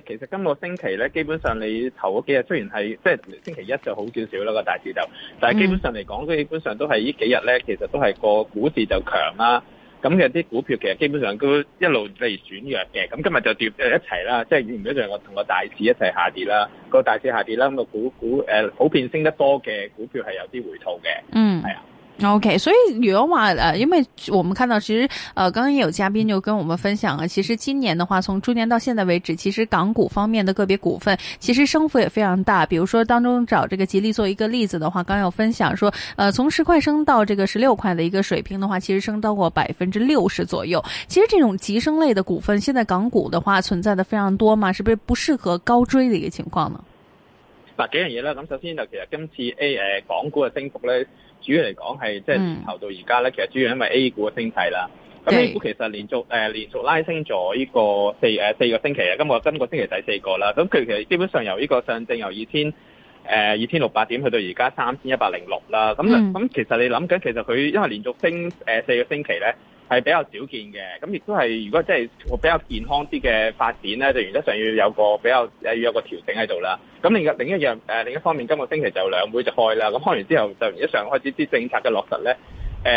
其實今個星期咧，基本上你頭嗰幾日雖然係，即係星期一就好少少啦個大市就，但係基本上嚟講，基本上都係呢幾日咧，其實都係個股市就強啦。咁其實啲股票其實基本上都一路嚟轉弱嘅，咁今日就跌一齊啦，即係唔一樣我同個大市一齊下跌啦。個大市下跌啦，咁個股股誒普遍升得多嘅股票係有啲回吐嘅，嗯，係啊。OK，所以旅遊嘛，呃、啊，因為我們看到，其實，呃，剛剛也有嘉賓就跟我們分享了，其實今年的話，從豬年到現在為止，其實港股方面的個別股份，其實升幅也非常大。比如說當中找這個吉利做一個例子的話，剛剛有分享說，呃，從十塊升到這個十六塊的一個水平的話，其實升到過百分之六十左右。其實這種急升類的股份，現在港股的話存在的非常多嘛，是不是不適合高追的一個情況呢？嗱、啊，幾樣嘢啦，咁首先就其實今次 A 誒、呃、港股嘅升幅呢。主要嚟講係即係年頭到而家咧，其、嗯、實主要因為 A 股嘅升勢啦。咁 A 股其實連續誒、呃、連續拉升咗呢個四誒、呃、四個星期啦，今個今個星期第四個啦。咁佢其實基本上由呢個上證由二千誒二千六百點去到而家三千一百零六啦。咁咁、嗯、其實你諗緊，其實佢因為連續升誒、呃、四個星期咧。係比較少見嘅，咁亦都係如果即係會比較健康啲嘅發展咧，就原則上要有個比較誒，要有個調整喺度啦。咁另一另一樣誒，另一方面，今個星期就兩會就開啦。咁開完之後，就原則上開始啲政策嘅落實咧。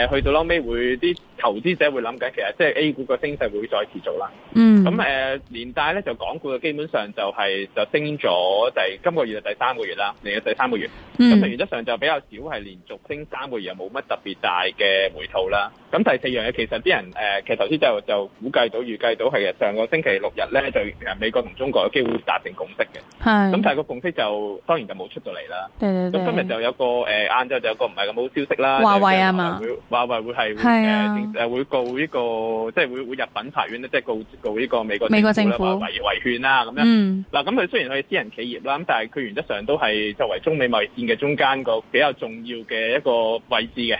誒，去到後尾會啲。投資者會諗緊，其實即係 A 股個升勢會再持續啦。嗯，咁誒連帶咧就港股嘅基本上就係、係、就升咗就第今個月就第三個月啦，嚟咗第三個月。咁其實原則上就比較少係連續升三個月，又冇乜特別大嘅回吐啦。咁第四樣嘢其實啲人誒，其實頭先、呃、就就估計到預計到係上個星期六日咧就美國同中國有機會達成共識嘅。係。咁但係個共識就當然就冇出到嚟啦。咁今日就有一個誒晏晝就有一個唔係咁好消息啦。華為啊嘛。華為會係。係誒會告呢、這個，即係會會入稟法院咧，即係告告呢個美國政府咧，或維維權啦咁樣。嗱、嗯，咁、啊、佢雖然係私人企業啦，咁但係佢原則上都係作為中美貿易戰嘅中間個比較重要嘅一個位置嘅。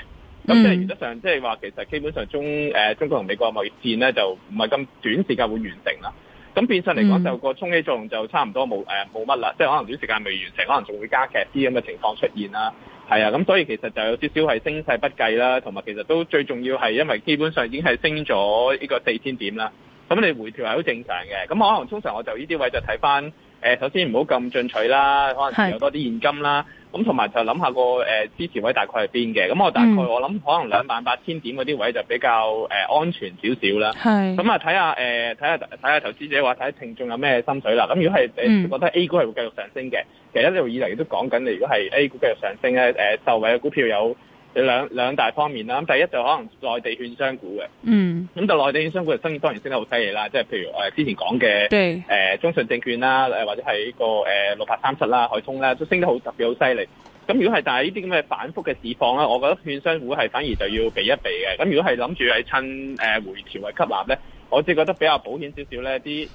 咁即係原則上，即係話其實基本上中誒、呃、中國同美國貿易戰咧，就唔係咁短時間會完成啦。咁變相嚟講就個沖擊作用就差唔多冇誒冇乜啦，即係可能短時間未完成，可能仲會加劇啲咁嘅情況出現啦。係啊，咁所以其實就有少少係升勢不繼啦，同埋其實都最重要係因為基本上已經係升咗呢個四千點啦。咁你回調係好正常嘅。咁可能通常我就呢啲位就睇翻。誒，首先唔好咁進取啦，可能持有多啲現金啦。咁同埋就諗下個誒支持位大概係邊嘅。咁我大概我諗可能兩萬八千點嗰啲位就比較誒安全少少啦。咁啊睇下誒睇下睇下投資者話睇下聽眾有咩心水啦。咁如果係覺得 A 股係會繼續上升嘅，其實一路以嚟亦都講緊你如果係 A 股繼續上升咧，誒受惠嘅股票有。有兩,兩大方面啦，咁第一就可能內地券商股嘅，嗯，咁就內地券商股嘅生意當然升得好犀利啦，即係譬如我之前講嘅，誒中信證券啦，或者係呢個誒六八三七啦、海通啦，都升得好特別好犀利。咁如果係，但係呢啲咁嘅反覆嘅市況啦，我覺得券商股係反而就要避一避嘅。咁如果係諗住係趁誒回調嘅吸納咧，我只覺得比較保險少少咧，啲誒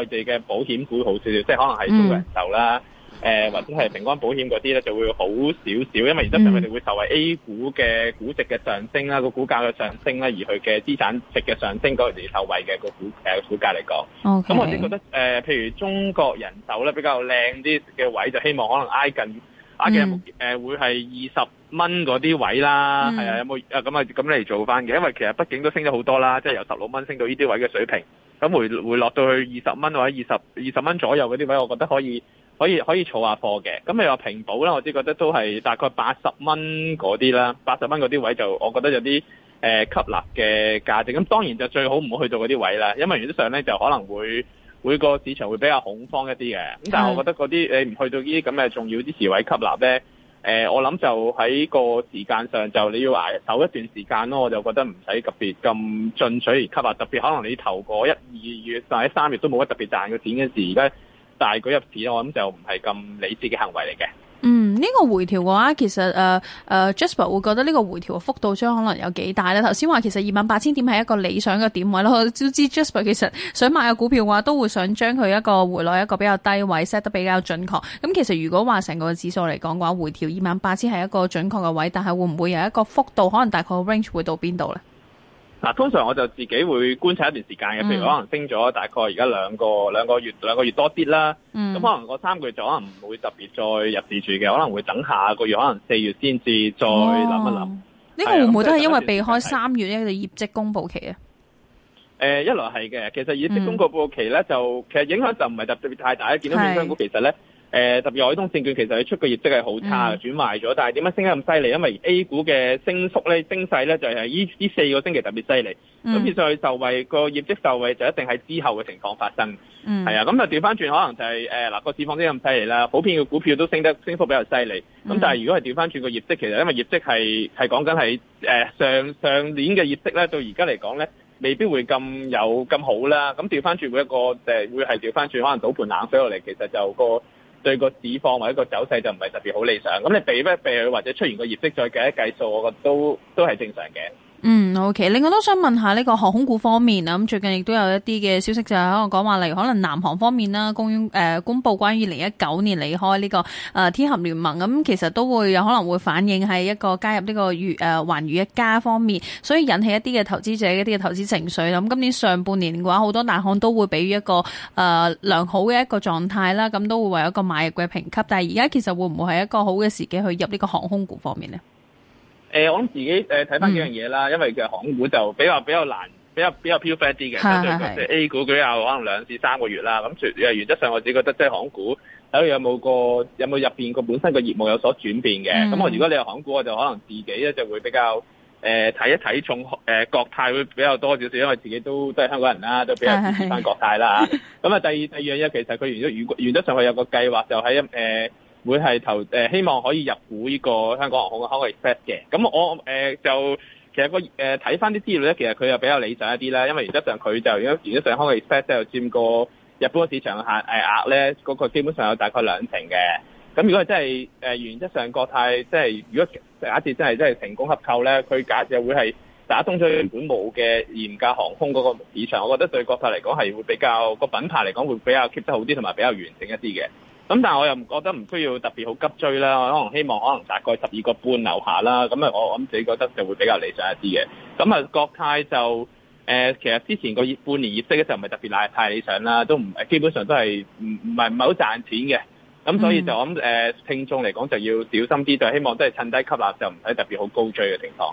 內地嘅保險股好少少、嗯，即係可能係中國人壽啦。嗯誒、呃、或者係平安保險嗰啲咧就會好少少，因為而家佢哋會受惠 A 股嘅估值嘅上升啦，個、嗯、股價嘅上升啦，而佢嘅資產值嘅上升嗰陣時受惠嘅個股誒、呃、股價嚟講。咁、okay，我先覺得誒、呃，譬如中國人壽咧比較靚啲嘅位置，就希望可能挨近挨近誒會係二十蚊嗰啲位啦。係、嗯、啊，有冇啊咁啊咁嚟做翻嘅？因為其實畢竟都升咗好多啦，即、就、係、是、由十六蚊升到呢啲位嘅水平。咁回回落到去二十蚊或者二十二十蚊左右嗰啲位置，我覺得可以。可以可以儲下貨嘅，咁你話平保啦，我只覺得都係大概八十蚊嗰啲啦，八十蚊嗰啲位就我覺得有啲誒、呃、吸納嘅價值。咁當然就最好唔好去到嗰啲位啦，因為原則上咧就可能會每個市場會比較恐慌一啲嘅。咁但係我覺得嗰啲你唔去到呢啲咁嘅重要支持位吸納咧，誒、呃、我諗就喺個時間上就你要捱守一段時間咯。我就覺得唔使特別咁進取，而吸納，特別可能你投個一、二月但係三月都冇乜特別賺嘅錢嘅時，而家。大舉入市，我諗就唔係咁理智嘅行為嚟嘅。嗯，呢個回調嘅話，其實誒誒、呃呃、Jasper 會覺得呢個回調嘅幅度將可能有幾大咧？頭先話其實二萬八千點係一個理想嘅點位咯。都知 Jasper 其實想買嘅股票嘅話，都會想將佢一個回落一個比較低位 set 得比較準確。咁其實如果話成個指數嚟講嘅話，回調二萬八千係一個準確嘅位，但係會唔會有一個幅度，可能大概 range 會到邊度咧？嗱、啊，通常我就自己會觀察一段時間嘅，譬如我可能升咗大概而家兩個兩個月兩個月多啲啦，咁、嗯、可能個三個月就可能唔會特別再入市住嘅，可能會等下個月，可能四月先至再諗一諗。呢、哦這個會唔會都係因為避開三月咧哋業績公佈期啊？誒、嗯，一來係嘅，其實業績公佈期咧就其實影響就唔係特別太大嘅，見到券商股其實咧。誒、呃，特別海通證券其實佢出嘅業績係好差嘅、嗯，轉壞咗。但係點解升得咁犀利？因為 A 股嘅升幅咧、升勢咧，就係呢呢四個星期特別犀利。咁變相佢受惠個業績受惠就一定係之後嘅情況發生。係、嗯、啊，咁就調翻轉可能就係誒嗱個市況真咁犀利啦，普遍嘅股票都升得升幅比較犀利。咁、嗯、但係如果係調翻轉個業績，其實因為業績係係講緊係誒上上年嘅業績咧，到而家嚟講咧，未必會咁有咁好啦。咁調翻轉會一個誒、呃、會係調翻轉可能倒盤冷水落嚟，其實就、嗰個。對個市況或者個走勢就唔係特別好理想，咁你避一避佢或者出完個業績再計一計數，我覺得都都係正常嘅。嗯，OK。另外都想問下呢個航空股方面啊，咁最近亦都有一啲嘅消息就喺度講話，例如可能南航方面啦，公誒公布關於二零一九年離開呢個誒天合聯盟，咁其實都會有可能會反映喺一個加入呢個粵誒寰宇一家方面，所以引起一啲嘅投資者一啲嘅投資情緒啦。咁今年上半年嘅話，好多大行都會俾一個誒、呃、良好嘅一個狀態啦，咁都會為一個買入嘅評級。但係而家其實會唔會係一個好嘅時機去入呢個航空股方面呢？誒、欸，我諗自己睇翻幾樣嘢啦，嗯，因為其實港股就比較比較難，比較比較飄忽啲嘅，相對嚟 A 股佢有可能兩至三個月啦。咁原則上我自己覺得即係港股睇佢有冇個有冇入面個本身個業務有所轉變嘅。咁、嗯、我如果你係港股，我就可能自己咧就會比較誒睇、呃、一睇重誒、呃、國泰會比較多少少，因為自己都都係香港人啦，都比較支持返國泰啦咁啊，第二 第二樣嘢其實佢原則原則上佢有個計劃就喺、是呃會係投、呃、希望可以入股呢個香港航空嘅香港 Express 嘅，咁我誒、呃、就其實個誒睇翻啲資料咧，其實佢、呃、又比較理想一啲啦，因為原則上佢就如果原則上香港 Express 都有佔過日本市場嘅限誒額咧，嗰、那個基本上有大概兩成嘅。咁如果係真係誒、呃、原則上國泰即係如果假設真係真係成功合購咧，佢假設會係打通咗本冇嘅嚴格航空嗰個市場，我覺得對國泰嚟講係會比較、那個品牌嚟講會比較 keep 得好啲，同埋比較完整一啲嘅。咁但係我又唔覺得唔需要特別好急追啦，我可能希望可能大概十二個半樓下啦，咁啊我諗自己覺得就會比較理想一啲嘅。咁啊國泰就其實之前個半年業績咧就唔係特別太理想啦，都唔基本上都係唔唔係唔係好賺錢嘅。咁所以就咁誒，聽眾嚟講就要小心啲，就希望都係趁低吸納，就唔使特別好高追嘅情況。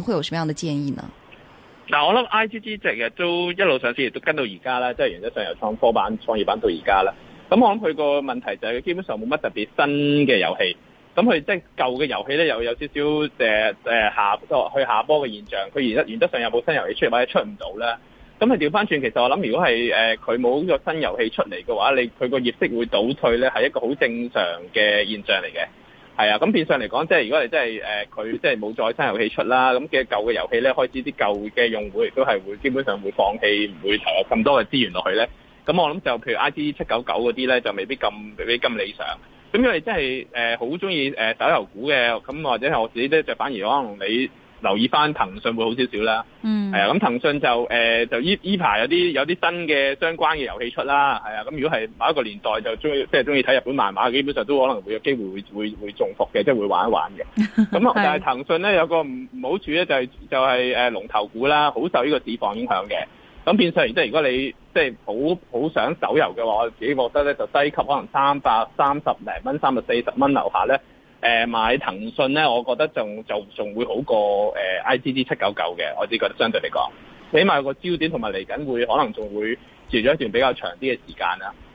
會有什麼樣的建議呢？嗱，我諗 I G G 成日都一路上市，亦都跟到而家啦，即係原則上由創科板、創業板到而家啦。咁我諗佢個問題就係，基本上冇乜特別新嘅遊戲。咁佢即係舊嘅遊戲咧，又有少少誒誒下去下波嘅現象。佢原則原則上有冇新遊戲出來，或者出唔到咧。咁佢調翻轉，其實我諗如果係誒佢冇個新遊戲出嚟嘅話，你佢個業績會倒退咧，係一個好正常嘅現象嚟嘅。係啊，咁變相嚟講，即係如果你真係誒，佢即係冇再新遊戲出啦，咁嘅舊嘅遊戲咧，開始啲舊嘅用戶亦都係會基本上會放棄，唔會投入咁多嘅資源落去咧。咁我諗就譬如 I T 七九九嗰啲咧，就未必咁未必咁理想。咁因為真係誒好鍾意誒手遊股嘅，咁或者係我自己咧，就反而可能你。留意翻騰訊會好少少啦，係、嗯、啊，咁騰訊就誒、呃、就依依排有啲有啲新嘅相關嘅遊戲出啦，係啊，咁如果係某一個年代就中意即係中意睇日本漫畫，基本上都可能會有機會會會會中伏嘅，即、就、係、是、會玩一玩嘅。咁、啊、但係騰訊咧有個唔好處咧就係、是、就係、是、誒龍頭股啦，好受呢個市況影響嘅。咁變相然如果你即係好好想手遊嘅話，我自己覺得咧就低級可能三百三十零蚊，三百四十蚊樓下咧。誒、呃、買騰訊咧，我覺得仲就仲會好過誒 IGG 七九九嘅，我只覺得相對嚟講，起碼有個焦點同埋嚟緊會可能仲會持續一段比較長啲嘅時間啦、啊。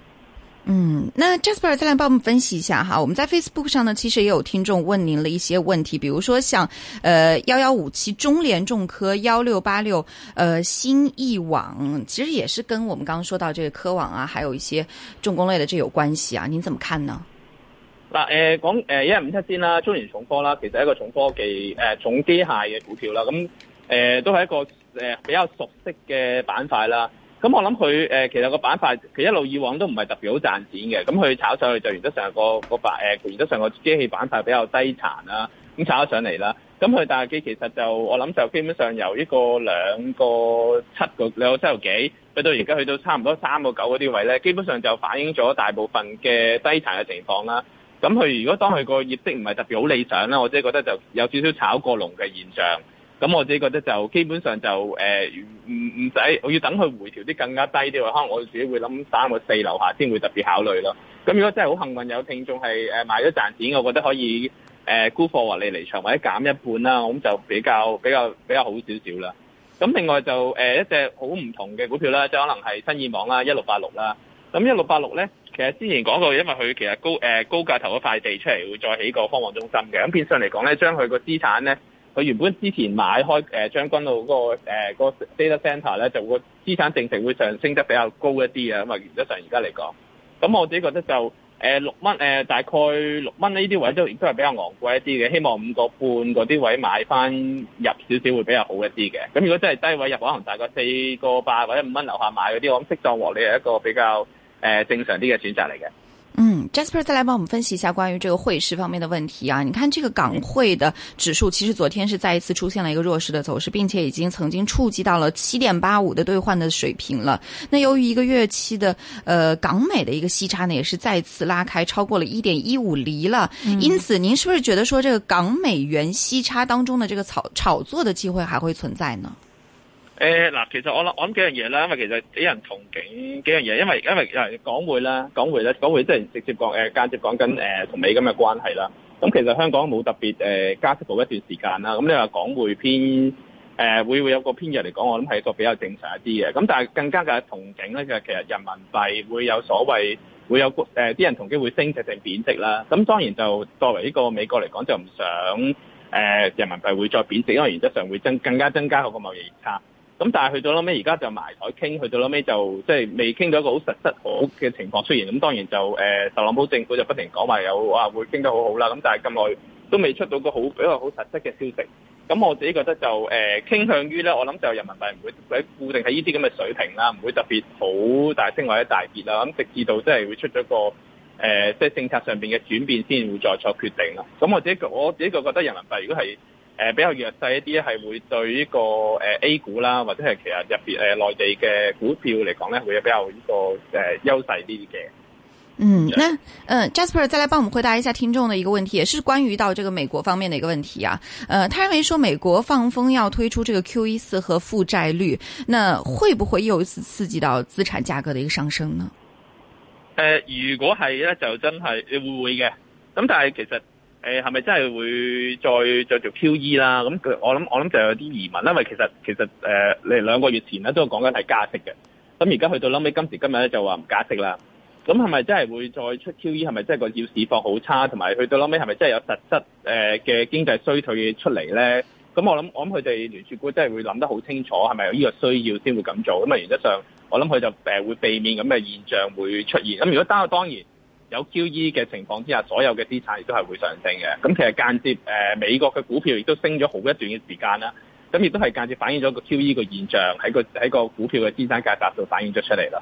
嗯，那 Jasper 再來幫我們分析一下哈，我們在 Facebook 上呢，其實也有聽眾問您了一些問題，比如說像誒幺幺五七中聯重科、幺六八六、呃新意網，其實也是跟我們剛剛說到這個科網啊，還有一些重工類的，這有關係啊，您怎麼看呢？嗱，誒、呃、講誒一、呃、五七先啦，中聯重科啦，其實一個重科技誒、呃、重機械嘅股票啦，咁誒、呃、都係一個誒、呃、比較熟悉嘅板塊啦。咁我諗佢誒其實個板塊，佢一路以往都唔係特別好賺錢嘅。咁佢炒上去就原則上個個板誒、呃、原則上個機器板塊比較低殘啦，咁炒咗上嚟啦。咁佢大機其實就我諗就基本上由一個兩個七個兩個七毫幾去到而家去到差唔多三個九嗰啲位咧，基本上就反映咗大部分嘅低殘嘅情況啦。咁佢如果當佢個業績唔係特別好理想啦，我自己覺得就有少少炒過龍嘅現象。咁我自己覺得就基本上就誒唔唔使，我、呃、要等佢回調啲更加低啲，可能我自己會諗三個四樓下先會特別考慮咯。咁如果真係好幸運有聽眾係買咗賺錢，我覺得可以誒、呃、沽貨或你離場或者減一半啦，咁就比較比較比較好少少啦。咁另外就誒、呃、一隻好唔同嘅股票啦即可能係新意網啦，一六八六啦。咁一六八六咧。其實之前講過，因為佢其實高、呃、高價頭一塊地出嚟，會再起個科網中心嘅。咁變相嚟講咧，將佢個資產咧，佢原本之前買開將、呃、軍澳嗰、那個呃那個 data center 呢，咧，就個資產淨值會上升得比較高一啲啊。咁、嗯、啊，原則上而家嚟講，咁、嗯、我自己覺得就誒六蚊大概六蚊呢啲位置都亦都係比較昂貴一啲嘅。希望五個半嗰啲位買翻入少少會比較好一啲嘅。咁、嗯、如果真係低位入，可能大概四個八或者五蚊樓下買嗰啲，我諗適當和你係一個比較。誒、嗯，正常啲嘅選擇嚟嘅。嗯，Jasper，再來幫我們分析一下關於這個匯市方面的問題啊！你看，這個港匯的指數其實昨天是再一次出現了一個弱勢的走勢，並且已經曾經觸及到了七點八五的兌換的水平了。那由於一個月期的，呃，港美的一個息差呢，也是再次拉開超過了一點一五厘了。嗯、因此，您是不是覺得說，這個港美元息差當中的這個炒炒作的機會還會存在呢？誒、呃、嗱，其實我諗我諗幾樣嘢啦，因為其實啲人同景幾樣嘢，因為因為誒港匯啦，港匯咧，港匯即係直接講誒、呃，間接講緊誒同美金嘅關係啦。咁、嗯、其實香港冇特別誒、呃、加息到一段時間啦。咁、嗯、你話港匯偏誒、呃、會會有個偏弱嚟講，我諗係一個比較正常一啲嘅。咁、嗯、但係更加嘅同景咧嘅，其實人民幣會有所謂會有誒啲、呃、人同機會升值定貶值啦。咁、嗯、當然就作為呢個美國嚟講，就唔想誒、呃、人民幣會再貶值，因為原則上會增更加增加個貿易差。咁但係去到撈尾，而家就埋台傾，去到撈尾就即係、就是、未傾到一個好實質好嘅情況出現。咁當然就誒，特朗普政府就不停講話，有啊會傾得好好啦。咁但係咁耐都未出到個好一個好實質嘅消息。咁我自己覺得就誒、呃、傾向於咧，我諗就人民幣唔會喺固定喺呢啲咁嘅水平啦，唔會特別好大升或者大跌啦。咁直至到即係會出咗個誒即係政策上面嘅轉變先會再作決定啦。咁我自己我自己覺得人民幣如果係誒、呃，比較弱勢一啲，係會對呢、這個誒、呃、A 股啦，或者係其實入邊誒內地嘅股票嚟講咧，會有比較呢個誒優勢啲嘅。嗯，那嗯、呃、Jasper 再來幫我們回答一下聽眾的一個問題，也是關於到這個美國方面的一個問題啊。呃，他認為說美國放風要推出這個 QE 四和負債率，那會不會又一次刺激到資產價格的一個上升呢？誒、呃，如果係咧，就真係會會嘅。咁但係其實。誒係咪真係會再再做 QE 啦？咁我諗我諗就有啲疑問，因為其實其實誒、呃、你兩個月前咧都講緊係加息嘅，咁而家去到臨尾今時今日咧就話唔加息啦。咁係咪真係會再出 QE？係咪真係個要市況好差，同埋去到臨尾係咪真係有實質誒嘅經濟衰退出嚟咧？咁我諗我諗佢哋聯儲會真係會諗得好清楚，係咪有呢個需要先會咁做？咁啊原則上，我諗佢就誒會避免咁嘅現象會出現。咁如果當當然。有 QE 嘅情況之下，所有嘅資產亦都係會上升嘅。咁其實間接誒美國嘅股票亦都升咗好一段嘅時間啦。咁亦都係間接反映咗個 QE 嘅現象喺個喺個股票嘅資產價格度反映咗出嚟啦。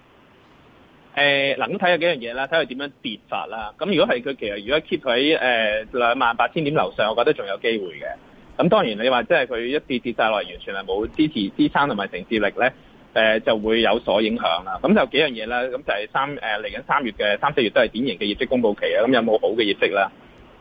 誒、嗯、嗱，咁睇下幾樣嘢啦，睇下點樣跌法啦。咁如果係佢其實如果 keep 喺誒兩萬八千點樓上，我覺得仲有機會嘅。咁當然你話即係佢一跌跌晒落嚟，完全係冇支持、支撐同埋承接力咧，誒、呃、就會有所影響啦。咁就幾樣嘢啦，咁就係三誒嚟緊三月嘅三四月都係典型嘅業績公佈期啊。咁有冇好嘅業績啦？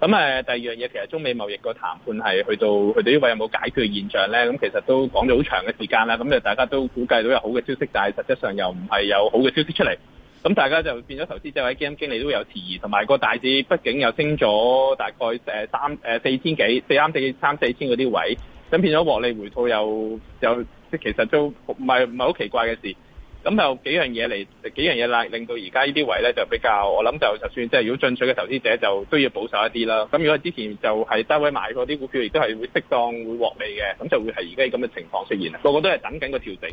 咁誒第二樣嘢，其實中美貿易個談判係去到去到呢位有冇解決嘅現象咧？咁其實都講咗好長嘅時間啦。咁就大家都估計到有好嘅消息，但係實際上又唔係有好嘅消息出嚟。咁大家就變咗投資者或者基金經理都有遲疑，同埋個大市畢竟又升咗大概三四千幾四三四三四千嗰啲位，咁變咗獲利回吐又又即其實都唔係唔係好奇怪嘅事。咁就有幾樣嘢嚟幾樣嘢啦，令到而家呢啲位咧就比較我諗就，就算即係如果進取嘅投資者就都要保守一啲啦。咁如果之前就係低位買過啲股票，亦都係會適當會獲利嘅，咁就會係而家咁嘅情況出現啦。個個都係等緊個調整。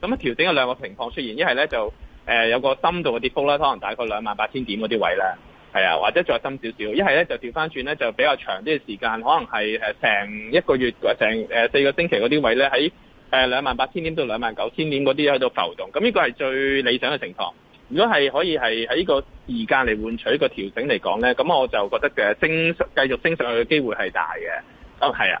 咁啊調整有兩個情況出現，一係咧就。誒有個深度嘅跌幅啦，可能大概兩萬八千點嗰啲位呢，係啊，或者再深少少。一係咧就調翻轉咧，就比較長啲嘅時間，可能係成一個月或成四個星期嗰啲位咧，喺兩萬八千點到兩萬九千點嗰啲喺度浮動。咁呢個係最理想嘅情況。如果係可以係喺呢個時間嚟換取個調整嚟講咧，咁我就覺得嘅升繼續升上去嘅機會係大嘅。哦，係啊。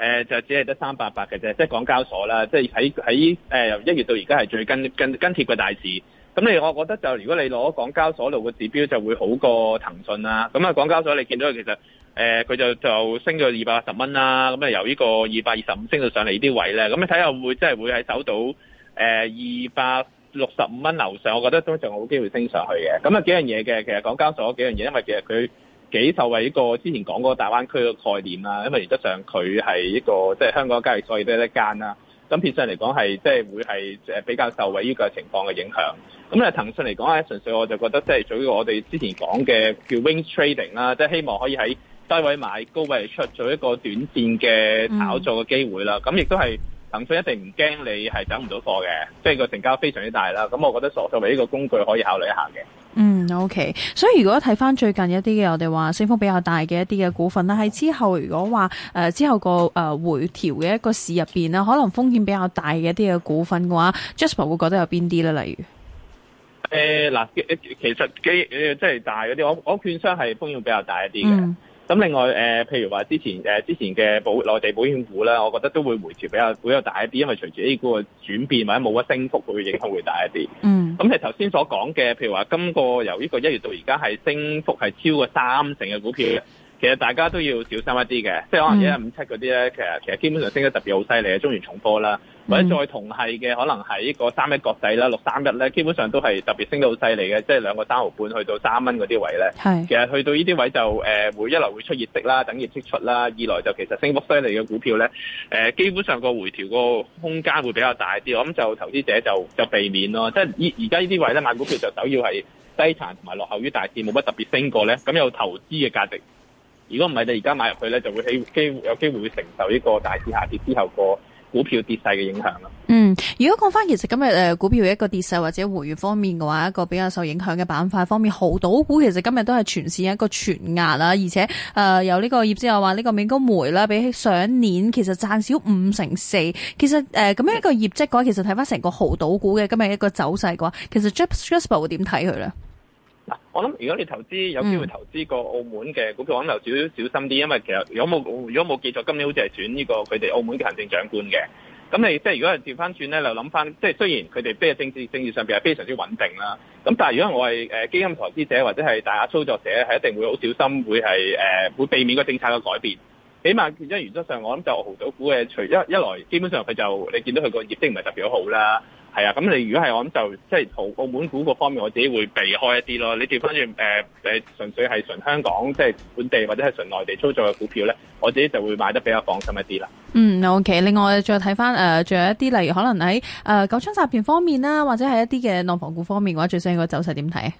誒、呃、就只係得三百八嘅啫，即係港交所啦，即係喺喺由一月到而家係最跟跟跟貼嘅大市。咁你我覺得就如果你攞港交所路嘅指標，就會好過騰訊啦。咁啊，港交所你見到其實誒佢、呃、就就升咗二百八十蚊啦，咁啊由呢個二百二十五升到上嚟呢啲位咧，咁你睇下會真係會係走到誒二百六十五蚊樓上，我覺得通常好機會升上去嘅。咁啊幾樣嘢嘅，其實港交所幾樣嘢，因為其實佢，幾受惠呢個之前講過大灣區嘅概念啦，因為原則上佢係一個即係香港交易所嘅一間啦，咁變相嚟講係即係會係誒比較受惠呢個情況嘅影響。咁咧騰訊嚟講咧，純粹我就覺得即係做一個我哋之前講嘅叫 wing trading 啦，即係希望可以喺低位買，高位出，做一個短線嘅炒作嘅機會啦。咁、mm. 亦都係騰訊一定唔驚你係等唔到貨嘅，即係個成交非常之大啦。咁我覺得所作為呢個工具可以考慮一下嘅。嗯，OK。所以如果睇翻最近一啲嘅我哋話升幅比較大嘅一啲嘅股份啦，喺之後如果話誒、呃、之後個誒、呃、回調嘅一個市入邊啦，可能風險比較大嘅一啲嘅股份嘅話 Jasper 會覺得有邊啲咧？例如誒嗱、呃，其實幾即係大嗰啲，我我券商係風險比較大一啲嘅。嗯咁另外誒、呃，譬如話之前誒、呃、之前嘅保內地保險股咧，我覺得都會回調比較比較大一啲，因為隨住 A 股嘅轉變或者冇乜升幅，佢影響會大一啲。嗯，咁其實頭先所講嘅，譬如話今個由呢個一月到而家係升幅係超過三成嘅股票。其實大家都要小心一啲嘅，即係可能一、mm. 五七嗰啲咧，其實其實基本上升得特別好犀利嘅中原重科啦，或者再同係嘅、mm. 可能係呢個三一國際啦、六三一咧，基本上都係特別升得好犀利嘅，即係兩個三毫半去到三蚊嗰啲位咧。係，其實去到呢啲位就誒會、呃、一來會出業績啦，等業績出啦；二來就其實升幅犀利嘅股票咧，誒、呃、基本上個回調個空間會比較大啲，我諗就投資者就就避免咯。即係而而家呢啲位咧買股票就首要係低殘同埋落後於大市冇乜特別升過咧，咁有投資嘅價值。如果唔係，你而家買入去咧，就會喺機有機會會承受呢個大市下跌之後個股票跌勢嘅影響啦。嗯，如果講翻其實今日誒、呃、股票一個跌勢或者回軟方面嘅話，一個比較受影響嘅板塊方面，豪賭股其實今日都係全線一個全壓啦，而且誒由呢個業績話呢個美高梅啦，比起上年其實賺少五成四。其實誒咁、呃、樣一個業績嘅話，其實睇翻成個豪賭股嘅今日一個走勢嘅話，其實 Jasper 會點睇佢咧？我諗，如果你投資有機會投資過澳門嘅股票，可留少少小心啲，因為其實如果冇如果冇記錯，今年好似係轉呢個佢哋澳門嘅行政長官嘅。咁你即係如果調翻轉咧，就諗翻，即係雖然佢哋非政治政治上邊係非常之穩定啦。咁但係如果我係基金投資者或者係大額操作者，係一定會好小心，會係會避免個政策嘅改變。起碼因原則原則上，我諗就濠賭股嘅除一一來基本上佢就你見到佢個業績唔係特別好啦。係啊，咁你如果係我諗就即係淘澳門股嗰方面，我自己會避開一啲咯。你調翻轉誒、誒、純、呃、粹係純香港即係、就是、本地或者係純內地操作嘅股票咧，我自己就會買得比較放心一啲啦。嗯，OK。另外再睇翻誒，仲、呃、有一啲例如可能喺誒、呃、九倉集團方面啦，啊，或者係一啲嘅內房股方面嘅話，最新個走勢點睇？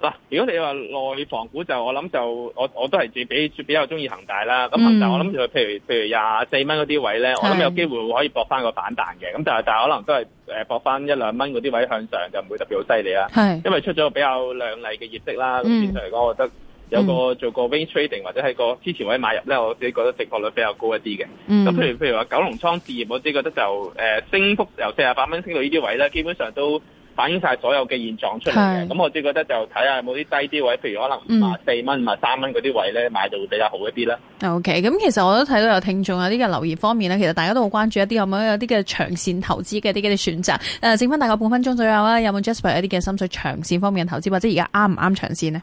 嗱、啊，如果你話內房股就，我諗就我我都係最比最比較中意恒大啦。咁恒大我諗就譬如譬如廿四蚊嗰啲位咧，我諗有機會可以搏翻個反彈嘅。咁但係但係可能都係誒搏翻一兩蚊嗰啲位向上，就唔會特別好犀利啦。係因為出咗比較亮麗嘅業績啦。咁變相嚟講，我覺得有個做個 range trading、嗯、或者喺個支持位買入咧，我自己覺得正確率比較高一啲嘅。咁、嗯、譬如譬如話九龍倉置業嗰啲，我覺得就誒、呃、升幅由四十八蚊升到呢啲位咧，基本上都。反映曬所有嘅現狀出嚟嘅，咁我自己覺得就睇下有冇啲低啲位，譬如可能五啊四蚊、五啊三蚊嗰啲位咧，買就會比較好一啲啦。O K，咁其實我都睇到有聽眾有啲嘅留言方面咧，其實大家都好關注一啲有冇有啲嘅長線投資嘅一啲嘅選擇。呃、剩翻大概半分鐘左右啦。有冇 Jasper 一啲嘅心水長線方面嘅投資，或者而家啱唔啱長線咧？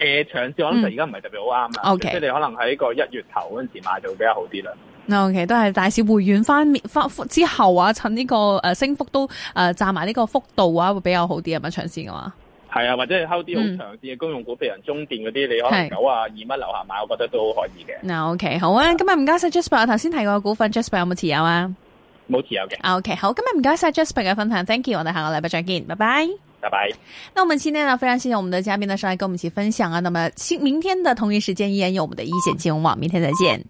誒、嗯，長、嗯、線、okay 呃、可能而家唔係特別好啱啊。O K，即係你可能喺個一月頭嗰陣時買就會比較好啲啦。o、okay, k 都係大市回軟翻面翻之後啊，趁呢、這個誒、呃、升幅都誒、呃、站埋呢個幅度啊，會比較好啲啊，長線嘅話？係啊，或者收啲好長線嘅公用股，譬、嗯、如中電嗰啲，你可能九啊二蚊樓下買，我覺得都好可以嘅。嗱，OK，好啊，今日唔該晒 Jasper，頭先提過嘅股份 Jasper 有冇持有啊？冇持有嘅。o、okay, k 好，今日唔該晒 Jasper 嘅分享，Thank you，我哋下個禮拜再見，拜拜。拜拜。那我們今天呢非常謝謝我們的嘉賓啊，上嚟跟我們一起分享啊。那麼，明天的同一時間，依然有我們的一線金融網，明天再見。